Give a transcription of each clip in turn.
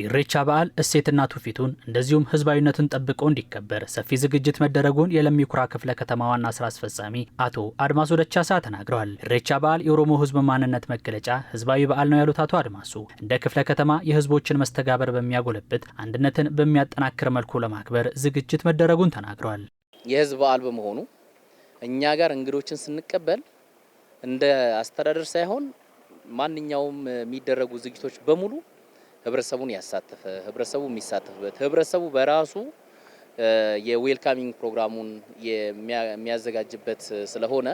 የኢሬቻ በዓል እሴትና ትውፊቱን እንደዚሁም ህዝባዊነቱን ጠብቆ እንዲከበር ሰፊ ዝግጅት መደረጉን የለሚ ኩራ ክፍለ ከተማ ዋና ስራ አስፈጻሚ አቶ አድማሱ ደቻሳ ተናግረዋል። ኢሬቻ በዓል የኦሮሞ ህዝብ ማንነት መገለጫ ህዝባዊ በዓል ነው ያሉት አቶ አድማሱ እንደ ክፍለ ከተማ የህዝቦችን መስተጋበር በሚያጎለብት አንድነትን በሚያጠናክር መልኩ ለማክበር ዝግጅት መደረጉን ተናግረዋል። የህዝብ በዓል በመሆኑ እኛ ጋር እንግዶችን ስንቀበል እንደ አስተዳደር ሳይሆን ማንኛውም የሚደረጉ ዝግጅቶች በሙሉ ህብረተሰቡን ያሳተፈ ህብረተሰቡ የሚሳተፍበት ህብረተሰቡ በራሱ የዌልካሚንግ ፕሮግራሙን የሚያዘጋጅበት ስለሆነ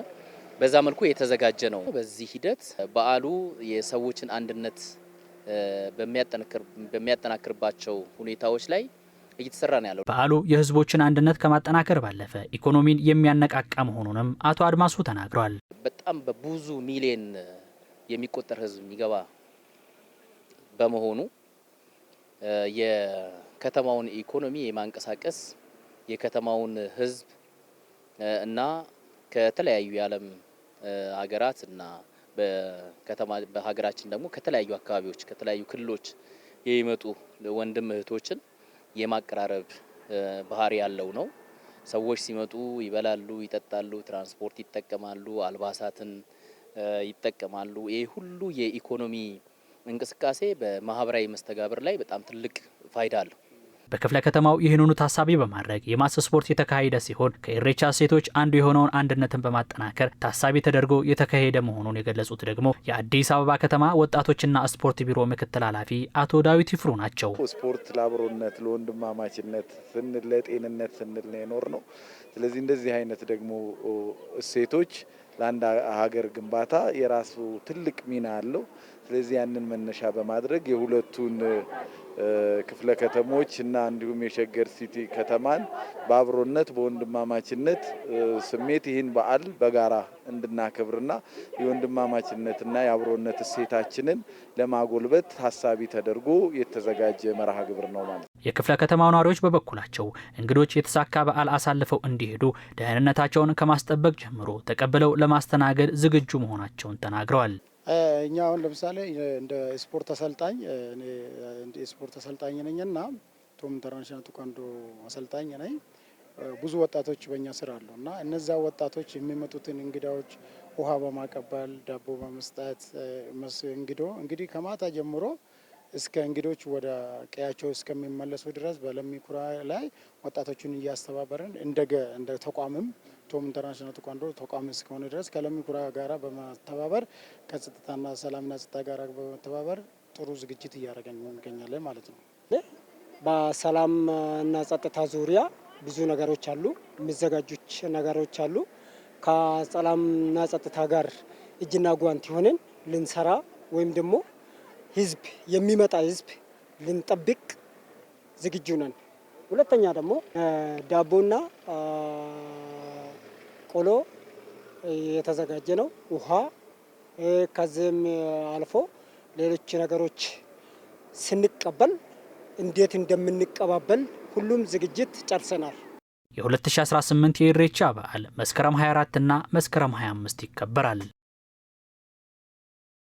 በዛ መልኩ የተዘጋጀ ነው። በዚህ ሂደት በዓሉ የሰዎችን አንድነት በሚያጠናክርባቸው ሁኔታዎች ላይ እየተሰራ ነው ያለው። በዓሉ የህዝቦችን አንድነት ከማጠናከር ባለፈ ኢኮኖሚን የሚያነቃቃ መሆኑንም አቶ አድማሱ ተናግሯል። በጣም በብዙ ሚሊየን የሚቆጠር ህዝብ የሚገባ በመሆኑ የከተማውን ኢኮኖሚ የማንቀሳቀስ የከተማውን ህዝብ እና ከተለያዩ የዓለም ሀገራት እና በከተማ በሀገራችን ደግሞ ከተለያዩ አካባቢዎች ከተለያዩ ክልሎች የሚመጡ ወንድም እህቶችን የማቀራረብ ባህሪ ያለው ነው። ሰዎች ሲመጡ ይበላሉ፣ ይጠጣሉ፣ ትራንስፖርት ይጠቀማሉ፣ አልባሳትን ይጠቀማሉ። ይህ ሁሉ የኢኮኖሚ እንቅስቃሴ በማህበራዊ መስተጋብር ላይ በጣም ትልቅ ፋይዳ አለው። በክፍለ ከተማው ይህንኑ ታሳቢ በማድረግ የማስ ስፖርት የተካሄደ ሲሆን ከኢሬቻ ሴቶች አንዱ የሆነውን አንድነትን በማጠናከር ታሳቢ ተደርጎ የተካሄደ መሆኑን የገለጹት ደግሞ የአዲስ አበባ ከተማ ወጣቶችና ስፖርት ቢሮ ምክትል ኃላፊ አቶ ዳዊት ይፍሩ ናቸው። ስፖርት ለአብሮነት፣ ለወንድማማችነት ስንል ለጤንነት ስንል ነው የኖር ነው። ስለዚህ እንደዚህ አይነት ደግሞ እሴቶች ለአንድ ሀገር ግንባታ የራሱ ትልቅ ሚና አለው። ስለዚህ ያንን መነሻ በማድረግ የሁለቱን ክፍለ ከተሞች እና እንዲሁም የሸገር ሲቲ ከተማን በአብሮነት በወንድማማችነት ስሜት ይህን በዓል በጋራ እንድናከብርና የወንድማማችነትና የአብሮነት እሴታችንን ለማጎልበት ታሳቢ ተደርጎ የተዘጋጀ መርሃ ግብር ነው ማለት ነው። የክፍለ ከተማው ነዋሪዎች በበኩላቸው እንግዶች የተሳካ በዓል አሳልፈው እንዲሄዱ ደህንነታቸውን ከማስጠበቅ ጀምሮ ተቀብለው ለማስተናገድ ዝግጁ መሆናቸውን ተናግረዋል። እኛ አሁን ለምሳሌ እንደ ስፖርት አሰልጣኝ ስፖርት አሰልጣኝ ነኝ እና ቶም ኢንተርናሽናል ቴኳንዶ አሰልጣኝ ነኝ። ብዙ ወጣቶች በእኛ ስር አሉ እና እነዛ ወጣቶች የሚመጡትን እንግዳዎች ውሃ በማቀበል ዳቦ በመስጠት እንግዶ እንግዲህ ከማታ ጀምሮ እስከ እንግዶች ወደ ቀያቸው እስከሚመለሱ ድረስ በለሚ ኩራ ላይ ወጣቶችን እያስተባበርን እንደገ እንደ ተቋምም ቶም ኢንተርናሽናል ተቋንዶ ተቋም እስከሆነ ድረስ ከለሚ ኩራ ጋራ በመተባበር ከጸጥታና ሰላምና ጸጥታ ጋራ በመተባበር ጥሩ ዝግጅት እያደረገን እንገኛለን ማለት ነው። በሰላምና ጸጥታ ዙሪያ ብዙ ነገሮች አሉ፣ የሚዘጋጁች ነገሮች አሉ። ከሰላምና ጸጥታ ጋር እጅና ጓንት የሆንን ልንሰራ ወይም ደግሞ ህዝብ የሚመጣ ህዝብ ልንጠብቅ ዝግጁ ነን። ሁለተኛ ደግሞ ዳቦና ቆሎ የተዘጋጀ ነው። ውሃ ከዚህም አልፎ ሌሎች ነገሮች ስንቀበል እንዴት እንደምንቀባበል ሁሉም ዝግጅት ጨርሰናል። የ2018 የኢሬቻ በዓል መስከረም 24 እና መስከረም 25 ይከበራል።